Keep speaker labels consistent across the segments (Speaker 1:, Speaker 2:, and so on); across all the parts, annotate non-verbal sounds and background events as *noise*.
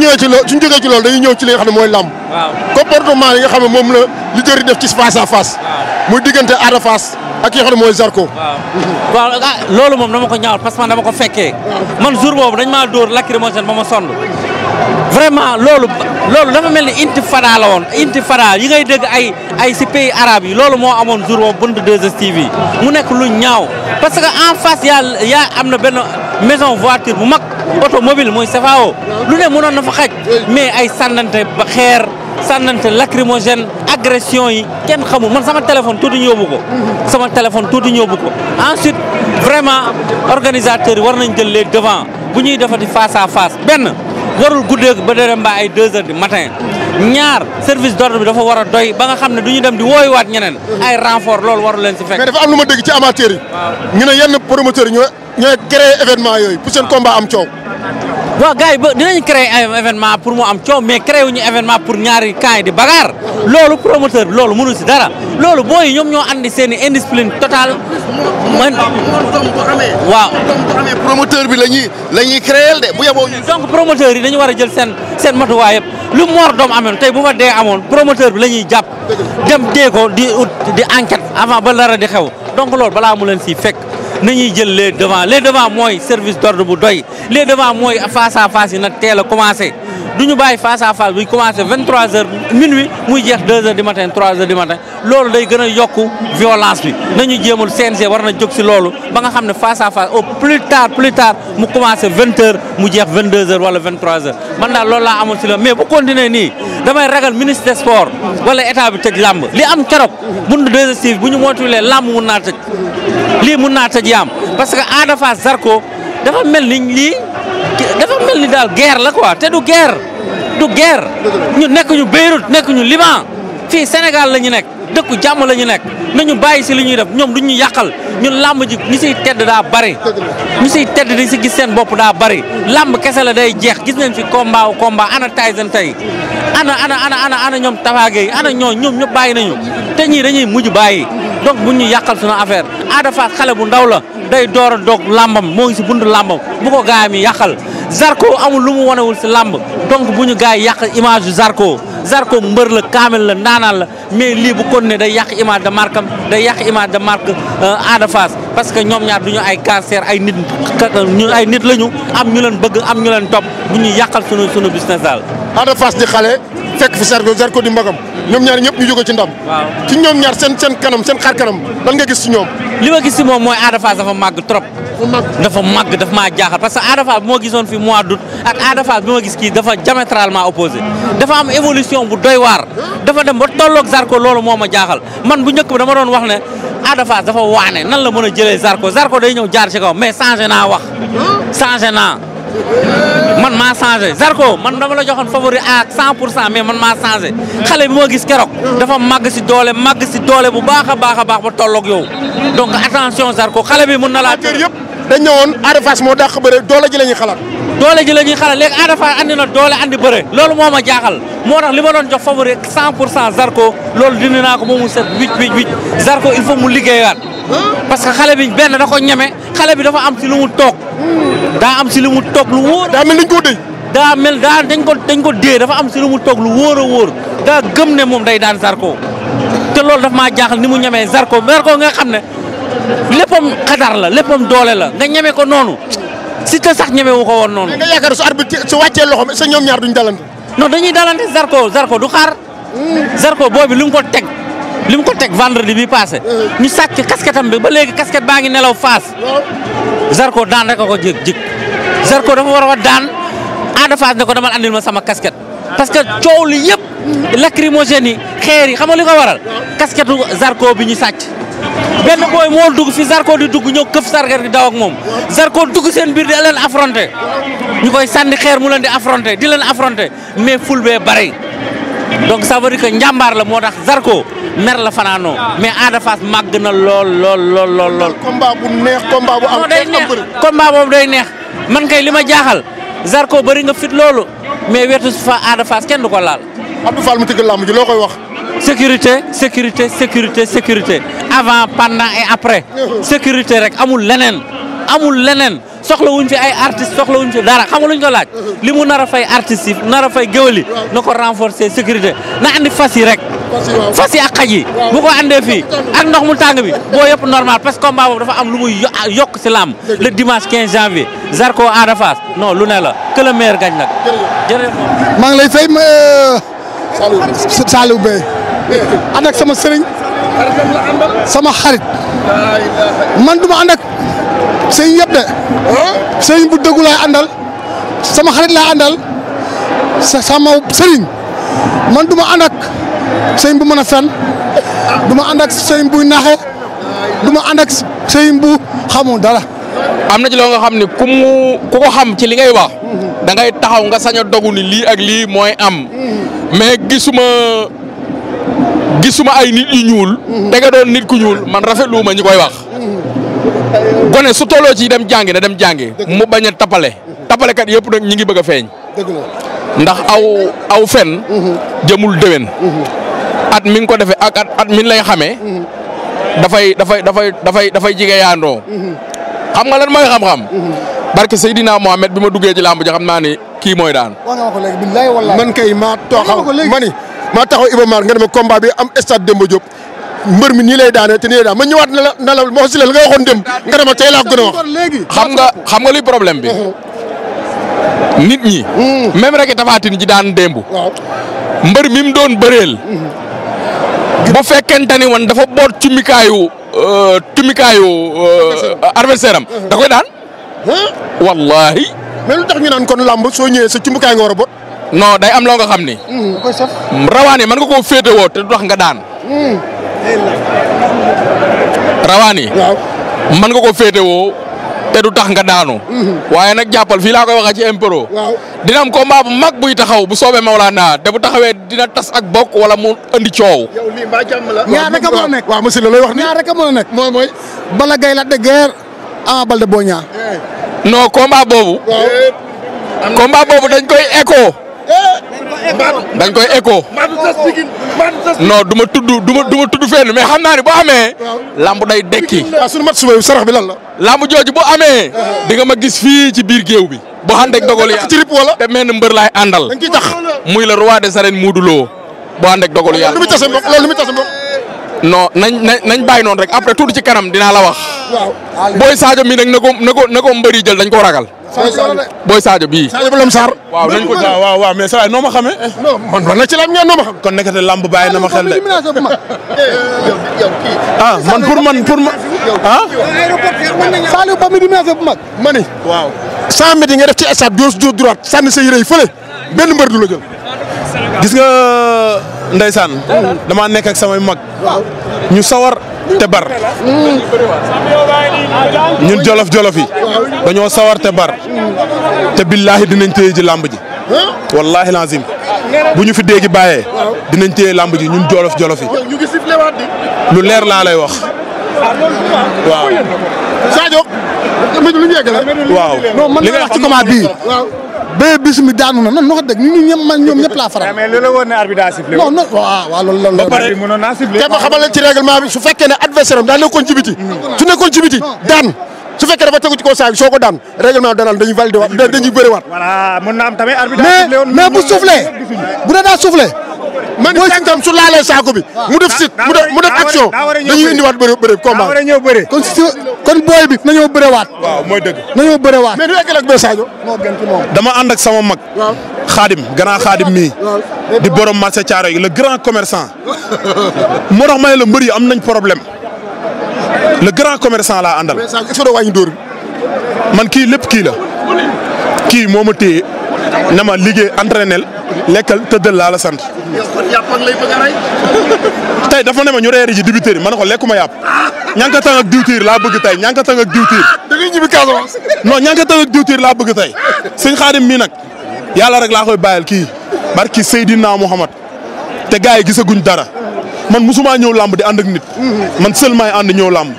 Speaker 1: ñëwee ci loolu suñ jógee ci loolu dañuy ñëw ci li xam ne mooy làmb comportement yi nga xam ne moom la li def ci face à
Speaker 2: muy diggante Ada Fass ak ki xam ne mooy Zarko ah, loolu moom dama ko ñaawal parce que man dama ko fekkee man jour boobu dañ maa dóor lacrymogène ba ma sonn vraiment loolu loolu dafa mel ni intifada la woon inti intifada yi ngay dégg ay ay si pays arabe yi loolu moo amoon jour boobu bunt 2STV mu nekk lu ñaaw parce que en face yaa yaa am na benn maison voiture bu mag automobile mooy CFAO lu ne mënoon na fa xaj mais ay sànnante ba xeer sànnante lacrymogène agression yi kenn xamu man sama téléphone tuuti ñu yóbbu ko sama téléphone tuuti ñu yóbbu ko ensuite vraiment organisateurs yi war nañ jël les devant bu ñuy defati face à face benn warul guddee ba dara mbaa ay deux heures du matin ñaar service d'ordre bi dafa war a doy ba nga xam ne du ñu dem di waat ñeneen. ay renfort loolu warul leen si fekk. mais dafa am lu ma dégg ci amateurs yi. ñu ne yenn promoteurs yi ñoo ñooy événement yooyu pour seen combat am coow. waaw gars yi ba dinañ créer ay événement pour mu am coow mais créé wuñu événement pour ñaari camp yi di bagarre loolu promoteur bi loolu mënul si dara loolu booy ñoom ñoo andi seen i indiscipline totale. man waaw. promoteur bi la ñuy la ñuy créer de bu yeboo donc promoteur yi dañu war a jël seen seen matuwaay lu moor doom amoon tey bu fa dee amoon promoteur bi la ñuy jàpp. dem dee di ut di enquête avant ba dara di xew donc loolu balaa mu leen siy fekk. nañuy jël les devants les devants mooy service d'ordre bu doy les devants mooy face à face yi nag teel a commencé du ñu bàyyi face à face buy commencé 23h minuit muy jeex 2h du matin 3h du matin loolu day gën a yokk violence bi nañu jéemul CNG war na jóg si loolu ba nga xam ne face à face au plus tard plus tard mu commencé 20h mu jeex 22h wala 23h man daal loolu laa amoon si la mais bu continuer nii damay ragal ministre des sports wala état bi tëj làmb li am keroog mun na 2h bu ñu moytuwulee làmb mun naa tëj lii mun naa tëj yaam parce que Ada Fass Zarko dafa mel ni daal guerre la ko quoi te du guerre du guerre ñu nekk ñu Beyrouth nekk ñu Liban fii Sénégal la ñu nekk dëkku jàmm la ñu nekk nañu bàyyi si li ñuy def ñoom duñ ñu yàqal ñun làmb ji ñi siy tedd daa bari ñi siy tedd dañ si gis seen bopp daa bari làmb kese la day jeex gis nañ fi kombaa wu combat ana Tyson tey ana ana ana ana ana ñoom Tapha Gueye ana ñoo ñoom ñëpp bàyyi nañu te ñii dañuy mujj bàyyi donc bu ñu yàqal suñu affaire Ada Fass xale bu ndaw la day door a doog làmbam moo ngi si bund làmbam bu ko gaayam yi yàqal Zarko amul lu mu wanewul si làmb donc bu ñu gars yàq image yu Zarko Zarko mbër la kaamel la ndaanaan la mais lii bu kon ne day yàq image de marque day yàq image de marque euh, Ada parce que ñoom ñaar du ñu ay cancer ay nit euh, ñu ay nit la ñu am ñu leen bëgg am ñu leen topp bu ñu yàqal sunu sunu business daal. Ada di xale. fekk fi Zarko Zarko di mbagam ñoom ñaar ñëpp ñu jóge ci ndam ci ñoom ñaar seen seen kanam seen xar kanam lan nga gis ci ñoom li gis ci moom mooy Ada dafa màgg trop dafa màgg daf maa jaaxal parce que Ada Fass gisoon fi mois d'août ak Ada Fass bi ma gis kii dafa diamétralement opposé dafa am évolution bu doy waar dafa dem ba tollook sarko loolu moo ma jaaxal man bu njëkk ba dama doon wax ne Ada Fass dafa waane nan la mën a jëlee Zarko Zarko day ñëw jaar ci kaw mais changé naa wax changé man maa changé Zarko man dama la joxoon favori à 100 pour cent mais man maa changé xale bi moo gis keroog dafa màgg si doole màgg si doole bu baax a baax a baax ba tolloog yow donc attention Zarko xale bi mën na laa tër yëpp dañ ñëwoon Ada Fass moo dàq bëre doole ji la ñuy xalaat doole ji la ñuy xalaat léegi Ada Fass na doole andi bëre loolu moo ma jaaxal moo tax li ma doon jox favori 100 pour cent Zarko loolu dindi naa ko moomu set wicc wicc wicc Zarko il faut mu liggéeyaat parce que xale bi benn da ko ñeme xale bi dafa am si lu mu toog. daa am si lu mu toog lu wóor. daa mel dañ koo dëj. daa mel daa dañ ko dañ ko dee dafa am si lu mu toog lu wóor a wóor daa gëm ne moom day daan sarko te loolu daf maa jaaxal ni mu ñemee Zarko Zarko nga xam ne léppam xadar la léppam doole la nga ñeme ko noonu si te sax ñeme wu ko woon noonu. nga yaakaar su arbitre su wàccee loxoom sa ñoom ñaar duñ dalante. non dañuy dalante Zarko sarko du xaar. Hmm. Zarko boobu lu ko teg. li mu ko teg vendredi bi passé ñu sàcc casquette bi ba léegi casquette baa ngi nelaw faas Zarko daan rek a ko jëg jëg Zarko dafa war a daan Ada Fass ne ko damal andil ma sama casquette parce que coow li yëpp lacrymogène yi xeer yi xam nga li ko waral casquette Zarko bi ñu sàcc benn booy moo dugg fi Zarko di dugg ñëw këf sargar gi daw ak moom Zarko dugg seen mbir di leen affronté ñu koy sànni xeer mu leen di affronté di leen affronté mais ful bee bare donc ça veut dire que njàmbaar la moo tax Zarko mer la fanaanoo mais Ada Fass màgg na lool lool lool lool lool. combat bu neex combat bu am. day neex combat boobu day neex man kay li ma jaaxal Zarko bari nga fit loolu mais wetu fa Ada Fass kenn du ko laal. Abdou Fall mu tëgg làmb ji loo koy wax. sécurité sécurité sécurité sécurité avant pendant et après *laughs* sécurité rek amul leneen. amul leneen soxla soxlawuñ fi ay artistes soxlawuñ fi dara xam nga luñ ko laaj. li mu nar fay artistes yi nar a fay géwël yi na ko renforcer sécurité na andi fas yi rek. fas yi ak xaj yi bu ko andee fi ak ndox mu tàng bi boo yëpp normal parce que combat boobu dafa am lu muy yokk si làmb le dimanche 15 janvier Zarko Ada Fass no lu nee la que le meilleur gagne nag jërëjëf lay fay ma
Speaker 1: euh, Saliou Bey sama sëriñ sama xarit man duma ànd ak sëriñ yëpp de sëriñ bu dëggu laay àndal sama xarit laay àndal sa sama sëriñ man duma ma ànd bu mën a fen duma ma ànd ak sëriñ buy naxe du ma ànd bu xamul dala am na ci loo nga xam ne
Speaker 3: ku mu ku ko xam ci li ngay wax da ngay taxaw nga sañ a ni lii ak lii mooy am mais gisuma gisuma ay nit yu ñuul. Mm-hmm. te doon nit ku ñuul man rafetlu ma ñi koy wax. gone su tolloo ci dem jàngi na dem jàngi mu bañ a tapale tapalekat yëpp nag ñi ngi bëgg a feeñ ndax aw aw fen mhm. jëmul déwén mhm. at mi nga ko defee ak at at min lay xame mhm. dafay dafay dafay dafay dafay jige yaandoo xam nga lan mooy xam-xam barke Seydina Mohamed bi ma duggee ci làmb xam naa ne kii mooy daan
Speaker 1: man kay maa tooxaw ma ni maa taxaw Iba Mar nga demee combat bi am stade Demba Diop mbër mi nii lay daane te nii lay daan ma ñëwaat na la na la ma wax si la li nga waxoon dem nga dama tey laa gën a xam nga xam nga
Speaker 3: luy problème bi. Uh-huh. nit ñi. Mm. même rek Tapha ji daan démb. mbër mi mu doon bëreel. Mm-hmm. ba fekkente ni woon dafa boot cumikaayu euh, cumikaayu. Euh, adversaire am mm-hmm. da koy daan. wallahi mais lu tax ñu naan kon làmb soo ñëwee sa cumikaay nga war a bot. day am loo nga xam ni. Mm, rawaan yi mën nga koo féetewoo te du tax nga daan. Mm. rawaani man nga ko féetewoo te tax nga daanu. Mhm. waaye nag jàppal fii laa koy waxee ci impro. dina am combat mag buy taxaw bu soobee Maolana te bu taxawee dina tas ak bokk wala mu andi coow. yow lii
Speaker 1: ñaar rek a mën a nekk waaw monsieur la wax nii a mën a nekk. mooy mooy. Balla Gaye Lac de Guiers eh. eh. boobu.
Speaker 3: dañ koy écho. dañ koy écho. non du ma tudd du ma du ma tudd fenn mais xam naa ne boo amee. lamb day dekki. sunu mat suba sarax bi lan la. lamb jooju bu amee. Uh-huh. di nga ma gis fii ci biir géew bi. bu àndeeg dogal yàlla ci rip wala. te mel ni mbër laay àndal. dañ ciy tax muy le roi des arènes Modou Lo. bu àndeeg dogal yàlla loolu lu muy
Speaker 1: tase mbokk loolu lu
Speaker 3: nañ nañ nañ bàyyi noonu rek après tuuti ci kanam dinaa la wax.
Speaker 1: waaw booy Sadio mi nag
Speaker 3: na ko na ko na ko jël dañ
Speaker 1: koo ragal. booy Sadio bii. Sadio bu Lam Sarr. waaw nañ ko waaw mais saa noo ma eh, man man nag ci la ngeen noo xam. kon nekkate lamb bàyyi na ma xel de. Eh, ah man pour man pour man ah. Saliou Ba mi di bu mag. ma ni. waaw 100 yi nga def ci stade dóor dóor droite sànni sa yére yi benn mbër du la jël. gis nga ndeysaan. damaa nekk ak samay mag. ñu sawar. te bar ñun jolof jolofi yi dañoo sawar te bar te billaahi dinañ téye ji làmb ji wallaahi lazim bu ñu fi déegi bàyyee dinañ téye làmb ji ñun jolof jolofi yi leer laa lay wax waaw Sadio waaw li nga wax ci combat bii bee bisimilah daanu na non wax dëgg ñu ñoom man ñoom ñëpp laa faral. *laughs* mais loolu la woon xamal leen ci règlement su fekkee adversaire am daa nekkoon ci mm. su nekkoon ci daan. su fekkee dafa tegu ci kaw saa ko daan règlement danaan dañuy validé waat dañuy bëri waat.
Speaker 2: voilà bu soufflé bu
Speaker 1: dee daa man itam su laalee saako bi. mu def sit mu def action dañuy indiwaat bëre bëre combat. kon si kon booy bi nañoo bërewaat. waaw mooy dëgg. nañoo bërewaat mais du eggal ak Sadio. moo gën ci moom dama ànd ak sama mag. waaw xaadim grand xaadim mii. di borom marché caaro yi le grand commerçant. *laughs* moo tax ma la mbër yi am nañ problème. le grand commerçant laa àndal. mais Sadio il faut wàññi man kii lépp kii la. kii moo ma téye na ma liggéey entraînel lekkal tëddal laa la sant. tey dafa ne ma ñu reeri ji yi ma ne ko lekkuma yàpp. ñànkatang ak diwtiir la bëgg tey ñànkatang ak diwtiir. Ah, da ngay ñibbi Casamance. non ñànkatang diwtiir laa bëgg tey sëñ Xaadim mii nag yàlla rek laa koy bàyyil kii barki Seydina Muhammad te gars yi gisaguñ dara man musuma ñëw lamb di ànd ak nit. man seulement ay ñëw làmb.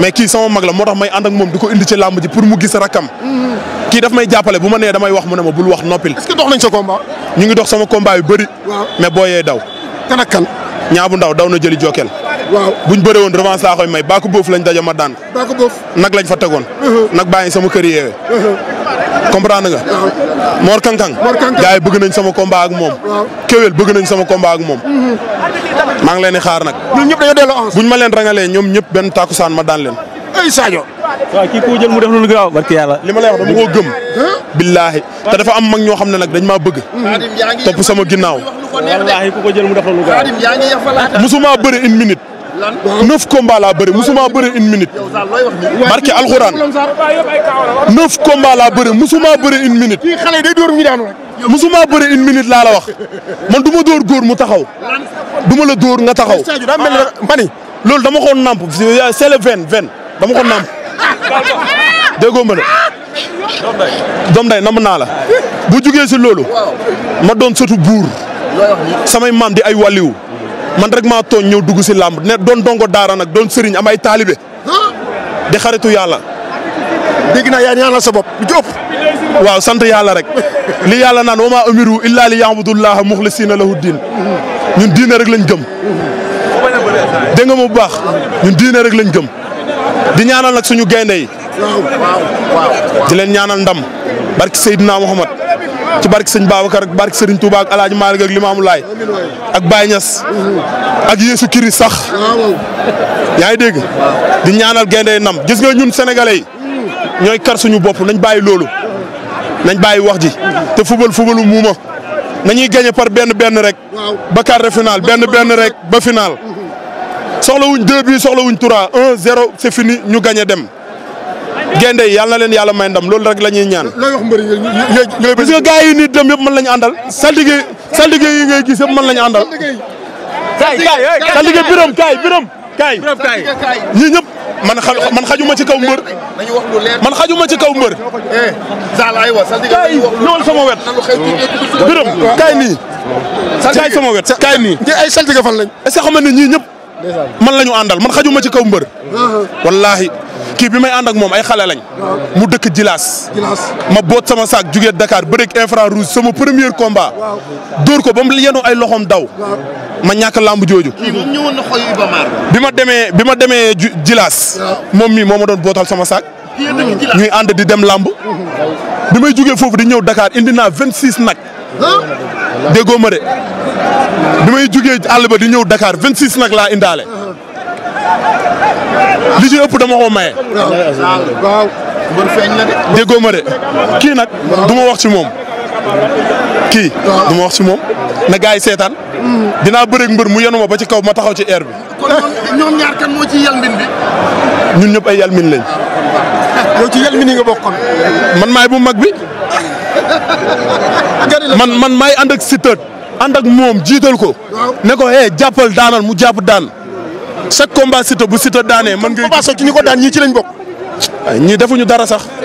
Speaker 1: mais kii sama mag la moo tax may ànd ak moom di ko indi ci lamb ji pour mu gis rakkam kii daf may jàppale bu ma nee damay wax mu ne ma bul wax noppil. ñu ngi dox sama combat yu bëri. mais boo yee daw. kan ñaa bu ndaw daw na jëli jokel waaw buñ bëree woon revanche laa koy may baaku boof lañ daje ma daan. baaku boof nag lañ fa tegoon. Uh-huh. nag bàyyi sama kër yeewee. Uh-huh. comprendre nga. Mor Kankang. Mor Kankang yi bëgg nañ sama combat ak moom. Kewel bëgg nañ sama combat moom. Uh-huh. maa ngi leen di xaar nag. ñun ñëpp dañoo delloo ma leen rangalee ñoom ñëp benn tàkkusaan ma daan leen. ay waaw kii koo jël mu def loolu gaaw barki yàlla li ma lay wax dama koo gëm billaahi te dafa am mag ñoo xam ne nag dañ ma bëgg topp sama ginnaaw wallaahi ku ko jël mu def loolu gaaw musuma bëri ma minute neuf combats laa bëri musuma bëri une minute barki alxuraan neuf combats laa bëri musuma bëri une minute musuma minute laa la wax man du ma dóor mu taxaw du ma la dóor nga taxaw mani ah. loolu dama ko namp c'est le vingt vingt dama ko namp déggoo ma doom day nam naa la. bu jugee si loolu. ma doon sëtu buur. samay maam di ay wàlliwu man rek maa tooñ ñëw dugg si làmb ne doon dongo daara nag doon sëriñ am ay taalibe. di xaritu yàlla. dégg na yaa ñaanal sa bopp lu waaw sant yàlla rek li yàlla naan wama umiru illa li ya'budullaha mukhlisina lahu diin ñun diine rek lañ gëm. dégg mu bu baax ñun diine rek lañ gëm. di ñaanal nag suñu gaynde di leen ñaanal ndam barki Seydina Muhammad ci barki sëñ Babacar ak barki sëriñ Touba ak El Hadj Malick ak Limamou Laye ak Baye Kirist sax yaa ngi dégg di ñaanal gaynde yi ndam gis nga ñun sénégalais yi ñooy kar suñu bopp nañ bàyyi loolu nañ bàyyi wax ji te fubal fubalu muuma nañuy gagné par benn benn rek ba quart de finale benn benn rek ba final. soxla wuñ deux bi soxla wuñ trois un zéro c'est fini ñu gagné dem. gaynde yi yàlla leen yàlla may ndam loolu rek la ñuy ñaan. looy wax mbër yi nga gars yi dem yëpp mën lañu àndal. saltige saltige yi ngay gis yëpp mën lañu àndal. kaay kaay saltige biram kaay biram kaay ñii ñëpp man xa man xajuma ci kaw mbër. man xajuma ci kaw mbër. kaay ñëwal sama wet. biram kaay nii. kaay sama wet kaay nii. ay saltige fan lañ. est-ce que xam nga ñii ñëpp. man la ñu àndal man xajuma ci kaw mbër. Uh-huh. wallaahi kii bi may ànd ak moom ay xale lañ. Uh-huh. mu dëkk Jilaas. ma boot sama saak jugee Dakar bëreeg infra rouge sama premier komba dóor ko ba mu yenu ay loxoom daw. ma ñàkk làmb jooju. ñëwoon na bi ma demee bi ma demee Jilaas. moom mii moo ma doon bootal sama saak. ñuy ànd di dem làmb. Uh-huh. bi may jugee foofu di ñëw dakaar indi naa vingt 26 nag. déggoo ma de bi may jugee àll ba di ñëw Dakar 26 nag laa indaale li ci ëpp dama ko maye. waaw déggoo ma de kii nag duma wax ci moom kii du wax ci moom na gars yi seetaan dinaa bëreeg mbër mu yenu ba ci kaw ma taxaw ci air bi. kon ñoom ñun ñëpp ay yalmin lañ. yow ci yalmin man maay bu mag bi. man man may ànd ak Siteu ànd ak moom jiital ko. ne ko eh jàppal daanal mu jàpp daan chaque combat Siteu bu Siteu daanee. man ngay combat ci ñi ko daan ñii ci lañ bokk. ñii defuñu dara sax.